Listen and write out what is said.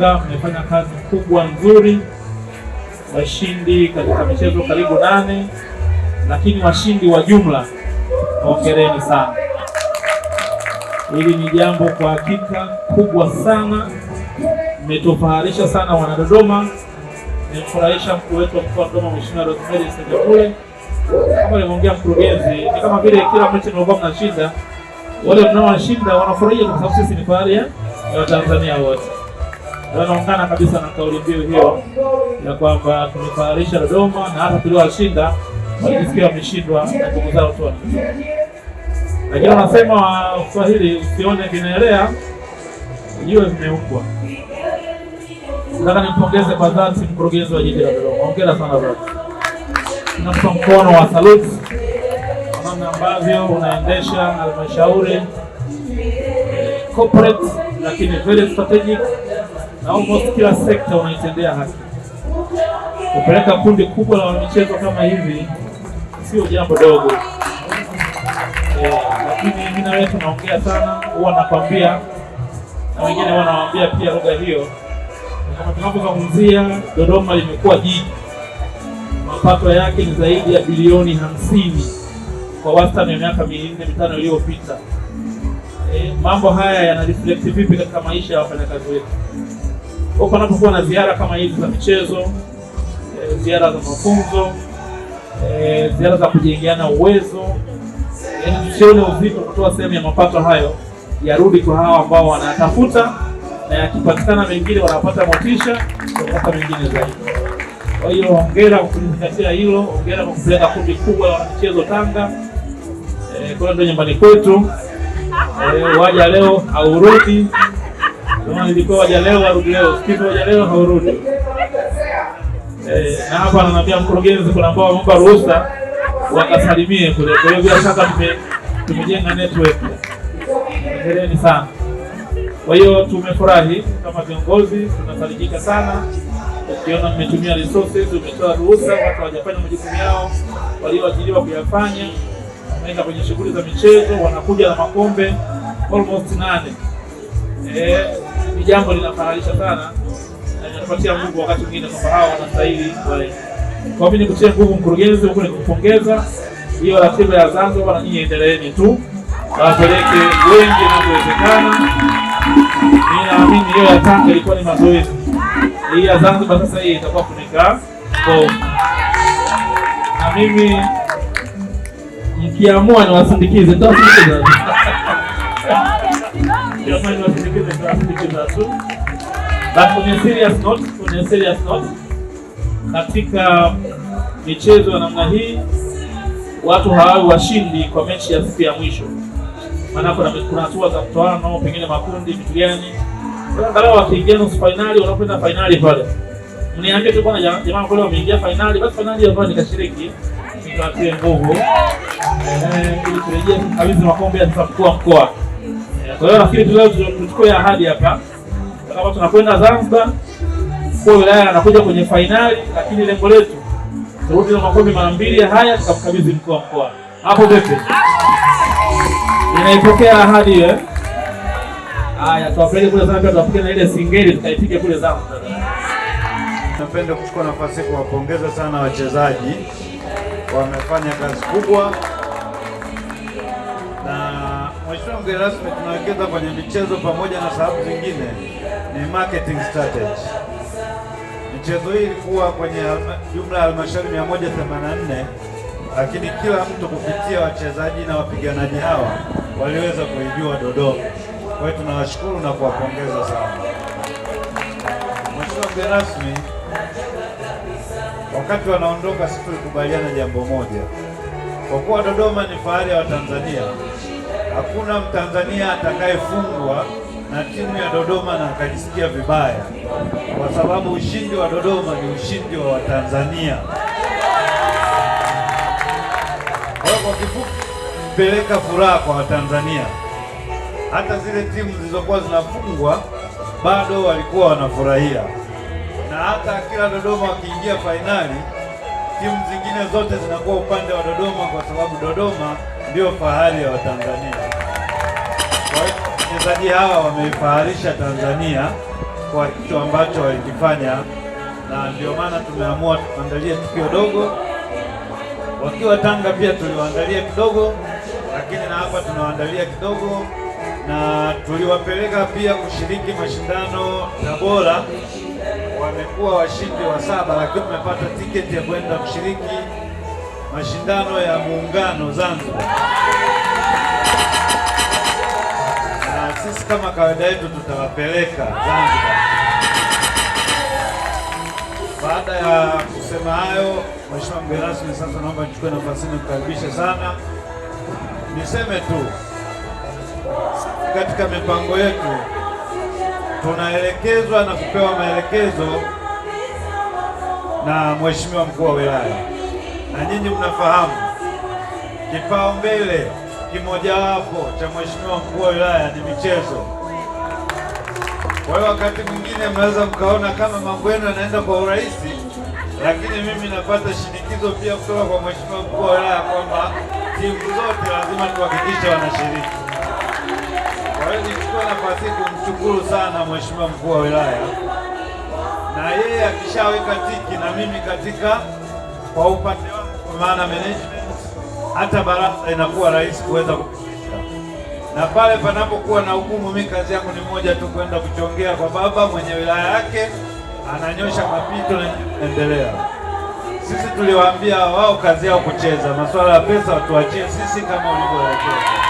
Yanga mmefanya kazi kubwa nzuri, washindi katika michezo karibu nane, lakini washindi wa jumla, hongereni sana. Hili ni jambo kwa hakika kubwa sana, mmetufaharisha sana Wanadodoma, nimfurahisha mkuu wetu wa mkoa wa Dodoma Mheshimiwa Rosemary Sejakule. Kama alivyoongea mkurugenzi, ni kama vile kila mechi mlikuwa mnashinda, wale mnaowashinda wanafurahia kwa sababu sisi ni fahari ya Watanzania wote naungana kabisa na kauli mbiu hiyo ya kwamba tumefaarisha Dodoma na hata tuliwashinda walijisikia wameshindwa na ndugu zao tu Lakini wanasema Kiswahili, usione vinaelea jiwe vimeungwa. Nataka nimpongeze kwa dhati mkurugenzi wa jiji la Dodoma, hongera sana baba, tunampa mkono wa saluti kwa namna ambavyo unaendesha halmashauri eh, corporate, lakini very strategic na almost kila sekta unaitendea haki. Kupeleka kundi kubwa la wanamichezo kama hivi sio jambo dogo, eh, lakini mimi na wewe tunaongea sana, huwa nakwambia na wengine nawaambia pia lugha hiyo. Kama tunapozungumzia, Dodoma limekuwa jiji, mapato yake ni zaidi ya bilioni hamsini kwa wastani wa miaka minne mitano iliyopita. E, mambo haya reflect vipi katika maisha ya wafanyakazi wetu? Kwa panapokuwa na ziara kama hizi za michezo, e, ziara za mafunzo e, ziara za kujengeana uwezo, yaani tusione uzito kutoa sehemu ya mapato hayo yarudi kwa hawa ambao wanatafuta, na yakipatikana mengine wanapata motisha kupata mengine zaidi. Kwa hiyo hongera kwa kuzingatia hilo, hongera kwa kupeleka kundi kubwa la michezo Tanga e, kwenda nyumbani kwetu e, waja leo aurudi kama nilikuwa waja leo warudi leo, siku waja leo haurudi. Eh, na hapa ananiambia mkurugenzi, kuna ambao wamempa ruhusa wakasalimie kule. Kwa hiyo bila shaka tumejenga network. Hongereni sana. Kwa hiyo tumefurahi kama viongozi, tunafarijika sana ukiona mmetumia resources, umetoa ruhusa, watu hawajafanya majukumu yao walioajiriwa kuyafanya, wameenda kwenye shughuli za michezo, wanakuja na makombe almost nane eh jambo linafananisha sana na linatupatia nguvu wakati mwingine kwamba hawa wanastahili wale. Kwa mimi nikutie nguvu mkurugenzi, huku nikupongeza. Hiyo ratiba ya Zanzibar na nyinyi endeleeni tu, wapeleke wengi inavyowezekana. Mimi naamini hiyo ya Tanga ilikuwa ni mazoezi, hii ya Zanzibar sasa hii itakuwa kunika so, na mimi mkiamua niwasindikize, nitawasindikiza with But on a serious note, on a serious note, katika michezo ya namna hii watu hawawi washindi kwa mechi ya siku ya mwisho, maana kuna hatua za mtoano, pengine makundi, vitu gani. Angalau wakiingia nusu fainali, wanakwenda fainali pale, mniambie tu bwana, jamaa kule wameingia fainali, basi fainali hiyo ambayo nikashiriki nikawatie nguvu ili kurejea kabisa makombe ya mkuu wa mkoa. Kwa hiyo nafikiri tu leo tuchukue ahadi hapa, kama tunakwenda Zanzibar kwa wilaya anakuja kwenye fainali, lakini lengo letu turudi na makombe mara mbili haya, tukamkabidhi mkuu wa mkoa. Hapo vipi? Ninaipokea ahadi hiyo. Eh? Haya, tuwapeleke kule Zanzibar, tuwapige na ile singeli, tukaipige kule Zanzibar. Napenda kuchukua nafasi kuwapongeza sana wachezaji, wamefanya kazi kubwa. Mheshimiwa mgeni rasmi, tunawekeza kwenye michezo pamoja na sababu zingine ni marketing strategy. Michezo hii ilikuwa kwenye jumla ya halmashauri 184 lakini kila mtu kupitia wachezaji na wapiganaji hawa waliweza kuijua Dodoma. Kwa hiyo tunawashukuru na kuwapongeza sana. Mheshimiwa mgeni rasmi, wakati wanaondoka, sisi tulikubaliana jambo moja, kwa kuwa Dodoma ni fahari ya Watanzania Hakuna Mtanzania atakayefungwa na timu ya Dodoma na akajisikia vibaya, kwa sababu ushindi wa Dodoma ni ushindi wa Watanzania. Kwa kifupi, mpeleka furaha kwa Watanzania. Hata zile timu zilizokuwa zinafungwa bado walikuwa wanafurahia, na hata kila Dodoma wakiingia fainali timu zingine zote zinakuwa upande wa Dodoma kwa sababu Dodoma ndio fahari ya Watanzania wachezaji hawa wameifaharisha Tanzania kwa kitu ambacho walikifanya, na ndio maana tumeamua tuandalie tukio dogo. Wakiwa Tanga pia tuliwaandalia kidogo, lakini na hapa tunawaandalia kidogo, na tuliwapeleka pia kushiriki mashindano Tabora. Wamekuwa washindi wa saba, lakini tumepata tiketi ya kwenda kushiriki mashindano ya muungano Zanzibar sisi kama kawaida yetu tutawapeleka Zanzibar. Baada ya kusema hayo, Mheshimiwa mgeni rasmi, sasa naomba nichukue nafasi hii nikukaribishe sana, niseme tu katika mipango yetu tunaelekezwa na kupewa maelekezo na Mheshimiwa mkuu wa wilaya, na nyinyi mnafahamu kipaumbele kimojawapo cha mheshimiwa mkuu wa wilaya ni michezo. Kwa hiyo wakati mwingine mnaweza mkaona kama mambo yenu yanaenda kwa urahisi, lakini mimi napata shinikizo pia kutoka kwa mheshimiwa mkuu wa wilaya kwamba timu zote lazima tuhakikishe wanashiriki. Kwa hiyo nichukua nafasi kumshukuru sana mheshimiwa mkuu wa wilaya, na yeye akishaweka tiki na mimi katika kwa upande wangu, kwa maana management hata baraza inakuwa rahisi kuweza kupitisha. Na pale panapokuwa na ugumu, mimi kazi yangu ni moja tu, kwenda kuchongea kwa baba mwenye wilaya yake, ananyosha mapito na endelea. Sisi tuliwaambia wao kazi yao kucheza, masuala ya pesa watuachie sisi kama ulivyoelekeza.